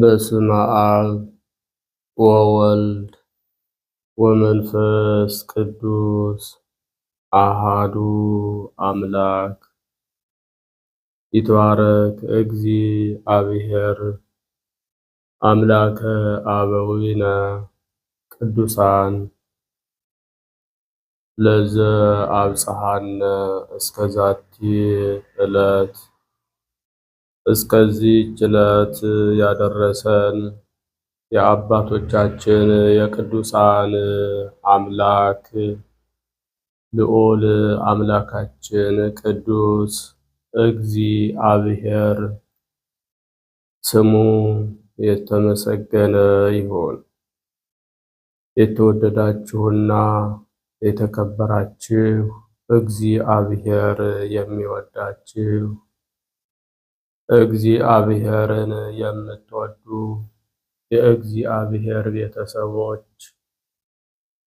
በስመ አብ ወወልድ ወመንፈስ ቅዱስ አሃዱ አምላክ ይትባረክ እግዚአብሔር አምላከ አበዊነ ቅዱሳን ለዘ አብጽሐነ እስከዛቲ ዕለት እስከዚህ ችለት ያደረሰን የአባቶቻችን የቅዱሳን አምላክ ልዑል አምላካችን ቅዱስ እግዚአብሔር ስሙ የተመሰገነ ይሁን። የተወደዳችሁና የተከበራችሁ እግዚአብሔር የሚወዳችሁ እግዚአብሔርን የምትወዱ የእግዚአብሔር ቤተሰቦች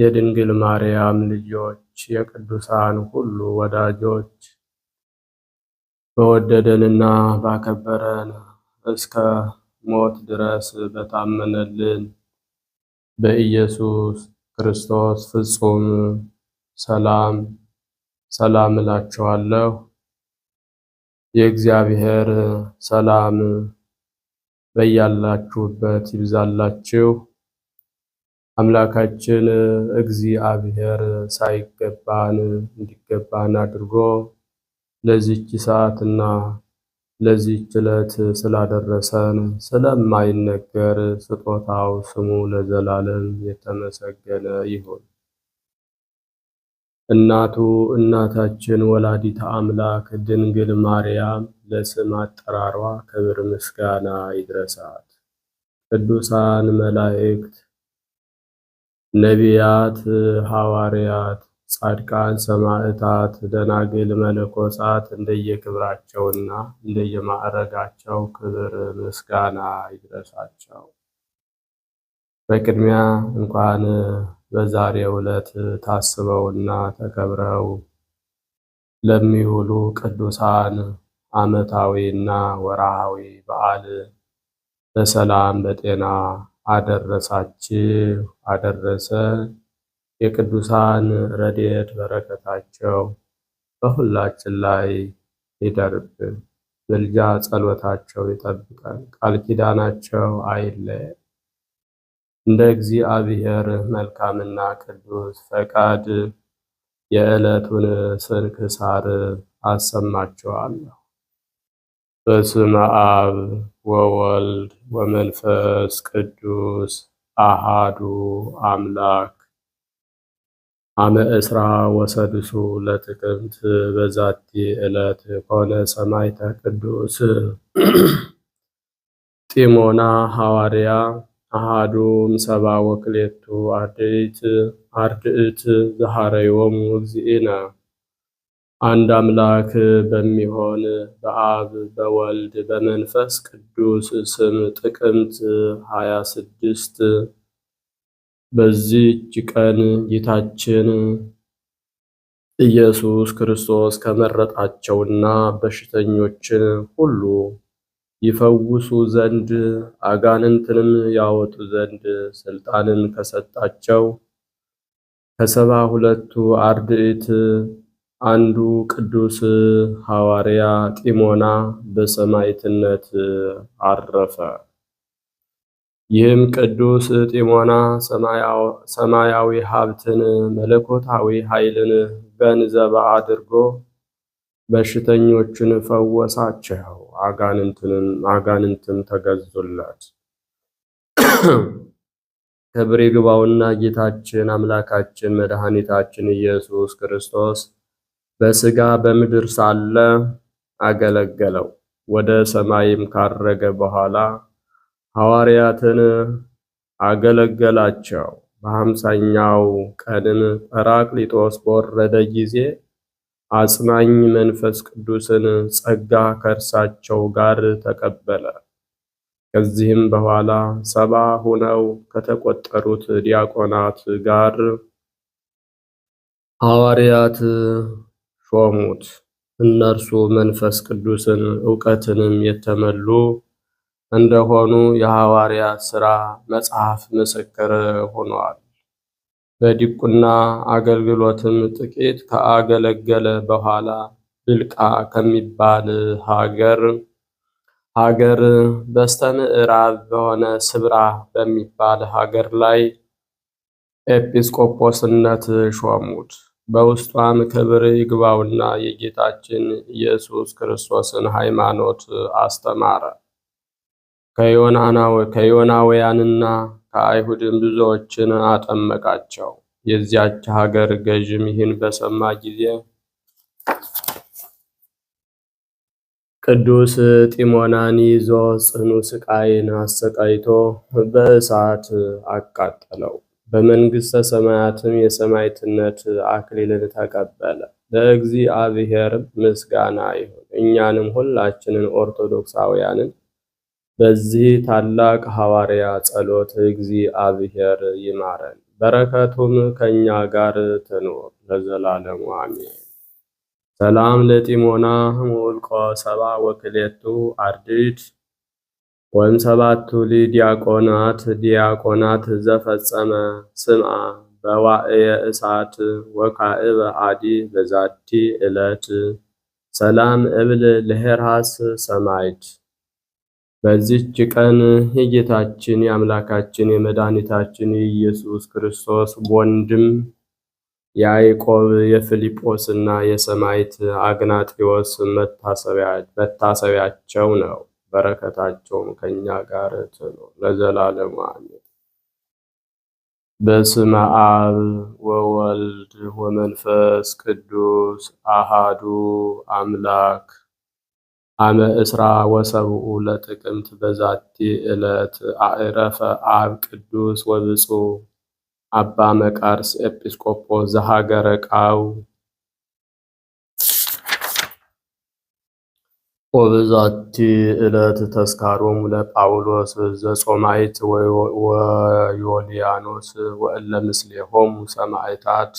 የድንግል ማርያም ልጆች የቅዱሳን ሁሉ ወዳጆች በወደደንና ባከበረን እስከ ሞት ድረስ በታመነልን በኢየሱስ ክርስቶስ ፍጹም ሰላም ሰላም እላችኋለሁ። የእግዚአብሔር ሰላም በያላችሁበት ይብዛላችሁ። አምላካችን እግዚአብሔር ሳይገባን እንዲገባን አድርጎ ለዚች ሰዓትና ለዚች ዕለት ስላደረሰን ስለማይነገር ስጦታው ስሙ ለዘላለም የተመሰገነ ይሁን። እናቱ እናታችን ወላዲተ አምላክ ድንግል ማርያም ለስም አጠራሯ ክብር ምስጋና ይድረሳት። ቅዱሳን መላእክት፣ ነቢያት፣ ሐዋርያት፣ ጻድቃን፣ ሰማዕታት፣ ደናግል፣ መነኮሳት እንደየክብራቸውና እንደየማዕረጋቸው ክብር ምስጋና ይድረሳቸው። በቅድሚያ እንኳን በዛሬ ዕለት ታስበውና ተከብረው ለሚውሉ ቅዱሳን ዓመታዊና ወርሃዊ በዓል በሰላም በጤና አደረሳችሁ አደረሰ። የቅዱሳን ረድኤት በረከታቸው በሁላችን ላይ ይደርብን። ምልጃ ጸሎታቸው ይጠብቃል። ቃል ኪዳናቸው አይለየን። እንደ እግዚአብሔር መልካምና ቅዱስ ፈቃድ የዕለቱን ስንክሳር አሰማችኋለሁ። በስመ አብ ወወልድ ወመንፈስ ቅዱስ አሃዱ አምላክ አመ እስራ ወሰድሱ ለጥቅምት በዛቲ ዕለት ከሆነ ሰማይተ ቅዱስ ጢሞና ሐዋርያ አሃዱ ሰባ ወክሌቱ አርድእት ዘሐረዮሙ እግዚእነ። አንድ አምላክ በሚሆን በአብ በወልድ በመንፈስ ቅዱስ ስም ጥቅምት 26 ስድስት በዚህች ቀን ጌታችን ኢየሱስ ክርስቶስ ከመረጣቸውና በሽተኞችን ሁሉ ይፈውሱ ዘንድ አጋንንትንም ያወጡ ዘንድ ስልጣንን ከሰጣቸው ከሰባ ሁለቱ አርድእት አንዱ ቅዱስ ሐዋርያ ጢሞና በሰማዕትነት አረፈ። ይህም ቅዱስ ጢሞና ሰማያዊ ሀብትን መለኮታዊ ኃይልን ገንዘብ አድርጎ በሽተኞችን ፈወሳቸው፣ አጋንንትም ተገዙላት። ክብር ይግባውና ጌታችን አምላካችን መድኃኒታችን ኢየሱስ ክርስቶስ በስጋ በምድር ሳለ አገለገለው። ወደ ሰማይም ካረገ በኋላ ሐዋርያትን አገለገላቸው። በሀምሳኛው ቀንም ጰራቅሊጦስ በወረደ ጊዜ አጽናኝ መንፈስ ቅዱስን ጸጋ ከእርሳቸው ጋር ተቀበለ። ከዚህም በኋላ ሰባ ሆነው ከተቆጠሩት ዲያቆናት ጋር ሐዋርያት ሾሙት። እነርሱ መንፈስ ቅዱስን እውቀትንም የተመሉ እንደሆኑ የሐዋርያት ሥራ መጽሐፍ ምስክር ሆነዋል። በዲቁና አገልግሎትም ጥቂት ከአገለገለ በኋላ ብልቃ ከሚባል ሀገር ሀገር በስተ ምዕራብ በሆነ ስብራ በሚባል ሀገር ላይ ኤጲስቆጶስነት ሾሙት። በውስጧም ክብር ይግባውና የጌታችን ኢየሱስ ክርስቶስን ሃይማኖት አስተማረ። ከዮናውያንና ከአይሁድም ብዙዎችን አጠመቃቸው። የዚያች ሀገር ገዥም ይህን በሰማ ጊዜ ቅዱስ ጢሞናን ይዞ ጽኑ ስቃይን አሰቃይቶ በእሳት አቃጠለው። በመንግሥተ ሰማያትም የሰማዕትነት አክሊልን ተቀበለ። ለእግዚአብሔር ምስጋና ይሁን። እኛንም ሁላችንን ኦርቶዶክሳውያንን በዚህ ታላቅ ሐዋርያ ጸሎት እግዚአብሔር ይማረን፣ በረከቱም ከእኛ ጋር ትኑር ለዘላለሙ አሜን። ሰላም ለጢሞና ሙልቆ ሰባ ወክሌቱ አርድድ ወንሰባቱ ዲያቆናት ዲያቆናት ዘፈጸመ ስምአ በዋእየ እሳት ወካእበ አዲ በዛቲ ዕለት ሰላም እብል ልሄራስ ሰማይት በዚህች ቀን የጌታችን የአምላካችን የመድኃኒታችን የኢየሱስ ክርስቶስ ወንድም የአይቆብ፣ የፊልጶስና የሰማይት አግናጢዎስ መታሰቢያቸው ነው። በረከታቸውም ከእኛ ጋር ትኑር ለዘላለሙ አሜን። በስመ አብ ወወልድ ወመንፈስ ቅዱስ አሃዱ አምላክ አመ እስራ ወሰብኡ ለጥቅምት በዛቲ ዕለት አረፈ አብ ቅዱስ ወብፁ አባ መቃርስ ኤጲስቆጶስ ዘሀገረ ቃው ወብዛቲ ዕለት ተስካሮም ለጳውሎስ ዘጾማይት ወዮልያኖስ ወእለ ምስሌሆሙ ሰማዕታት።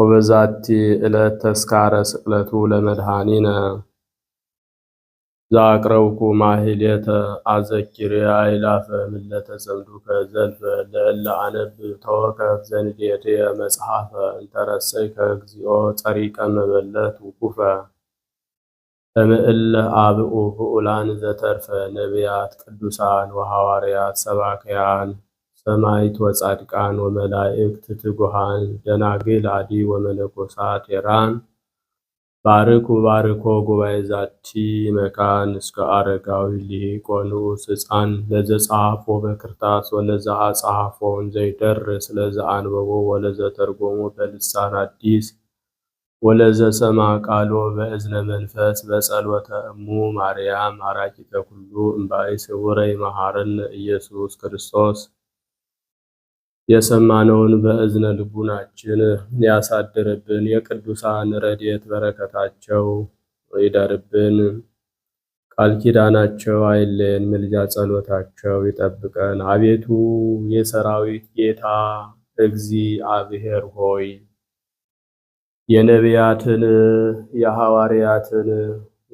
ወበዛቲ ዕለት ተስካረ ስቅለቱ ለመድኃኒነ ዛቅረብኩ ማህሌተ አዘኪርያ አይላፈ ምለተ ጽምዱከ ዘልፈ ለእለ አነብ ተወከፍ ዘንዴትየ መጽሐፈ እንተረሰይከ እግዚኦ ጸሪቀ መበለት ውኩፈ እምእለ አብኡ ብኡላን ዘተርፈ ነቢያት ቅዱሳን ወሐዋርያት ሰባክያን ሰማይት ወጻድቃን ወመላእክት ትጉሃን ደናግል አዲ ወመነኮሳት የራን ባርኩ ባርኮ ጉባኤ ዛቲ መካን እስከ አረጋዊ ሊቆኑ ሕፃን ጻፎ በክርታስ ወለዛ አጻፎን ዘይደርስ ለዛ አንበቦ ወለዘ ተርጎሞ በልሳን አዲስ ወለዘ ሰማ ቃሎ በእዝነ መንፈስ በጸሎተ እሙ ማርያም አራቂተ ኩሉ እምባይ ስውረይ ይመሃርን ኢየሱስ ክርስቶስ የሰማነውን በእዝነ ልቡናችን ያሳድርብን። የቅዱሳን ረድኤት በረከታቸው ይደርብን። ቃል ኪዳናቸው አይለን ምልጃ ጸሎታቸው ይጠብቀን። አቤቱ የሰራዊት ጌታ እግዚአብሔር ሆይ የነቢያትን፣ የሐዋርያትን፣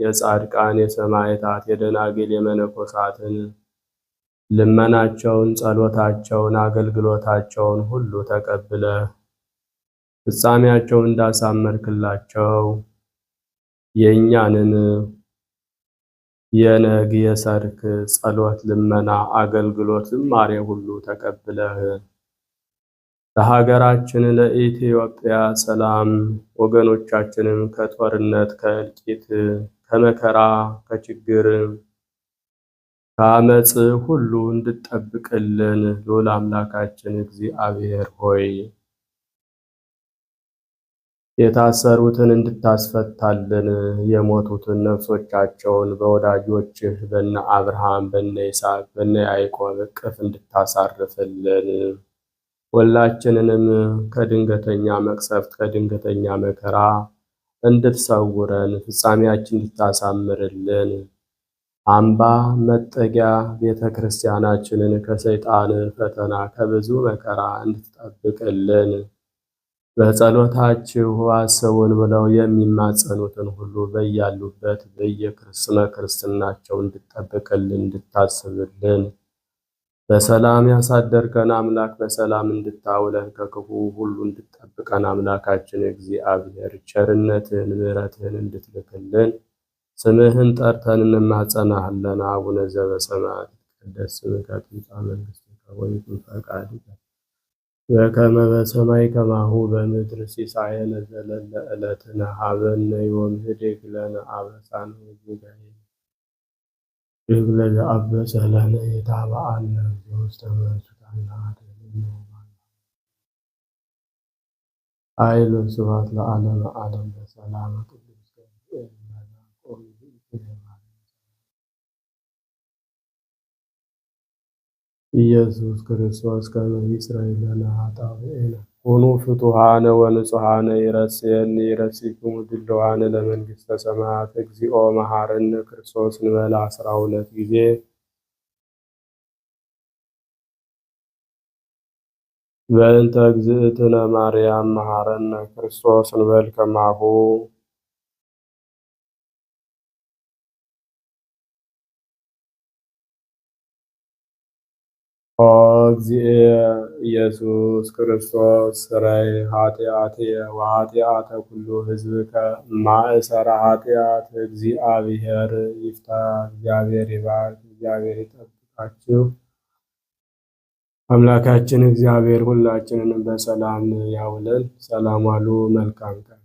የጻድቃን፣ የሰማዕታት፣ የደናግል፣ የመነኮሳትን ልመናቸውን፣ ጸሎታቸውን፣ አገልግሎታቸውን ሁሉ ተቀብለ ፍጻሜያቸውን እንዳሳመርክላቸው የእኛንን የነግ የሰርክ ጸሎት፣ ልመና፣ አገልግሎት፣ ዝማሬ ሁሉ ተቀብለህ ለሀገራችን ለኢትዮጵያ ሰላም ወገኖቻችንም ከጦርነት ከእልቂት ከመከራ ከችግር ከአመፅ ሁሉ እንድትጠብቅልን ልዑል አምላካችን እግዚአብሔር ሆይ የታሰሩትን እንድታስፈታልን የሞቱትን ነፍሶቻቸውን በወዳጆችህ በነ አብርሃም በነ ይስሐቅ በነ ያዕቆብ እቅፍ እንድታሳርፍልን ሁላችንንም ከድንገተኛ መቅሰፍት ከድንገተኛ መከራ እንድትሰውረን ፍጻሜያችን እንድታሳምርልን አምባ መጠጊያ ቤተ ክርስቲያናችንን ከሰይጣን ፈተና ከብዙ መከራ እንድትጠብቅልን በጸሎታችሁ አስቡን ብለው የሚማጸኑትን ሁሉ በያሉበት በየክርስመ ክርስትናቸው እንድጠብቅልን እንድታስብልን በሰላም ያሳደርከን አምላክ በሰላም እንድታውለን ከክፉ ሁሉ እንድጠብቀን አምላካችን እግዚአብሔር ቸርነትን ምሕረትን እንድትልክልን ስምህን ጠርተን እንማጸናሃለን። አቡነ ዘበሰማያት ይትቀደስ ስምከ ትምጻእ መንግሥትከ ወይኩን ፈቃድከ በከመ በሰማይ ከማሁ በምድር ሲሳየነ ዘለለ ዕለትነ ሀበነ ዮም ኅድግ ለነ አበሳነ ወጌጋየነ ኅድግ አበሰ ለነ ኢታብአነ ዘውስተ ምሕረትከ ኃረነ ኃይል ስብሐት ለዓለመ ዓለም በሰላም ቅዱስ ገብርኤል ኢየሱስ ክርስቶስ ከመ ይጽረይ ለነ ኃጣውኢነ ሁኑ ፍቱሃነ ወንጹሃነ ይረስየኒ ረሲኩሙ ድልዋነ ለመንግሥተ ሰማያት እግዚኦ መሐረነ ክርስቶስ እንበለ አስራ ሁለት ጊዜ በእንተ እግዝእትነ ማርያም መሐረነ ክርስቶስ ንበል ከማሁ ኦ እግዚእ ኢየሱስ ክርስቶስ ስረይ ኃጢአቴ ወኃጢአተ ኩሉ ህዝብ ማእሰረ ኃጢአት እግዚአብሔር ይፍታ። እግዚአብሔር ይባርክ፣ እግዚአብሔር ይጠብቃችሁ። አምላካችን እግዚአብሔር ሁላችንንም በሰላም ያውለን። ሰላም ዋሉ። መልካም ቀን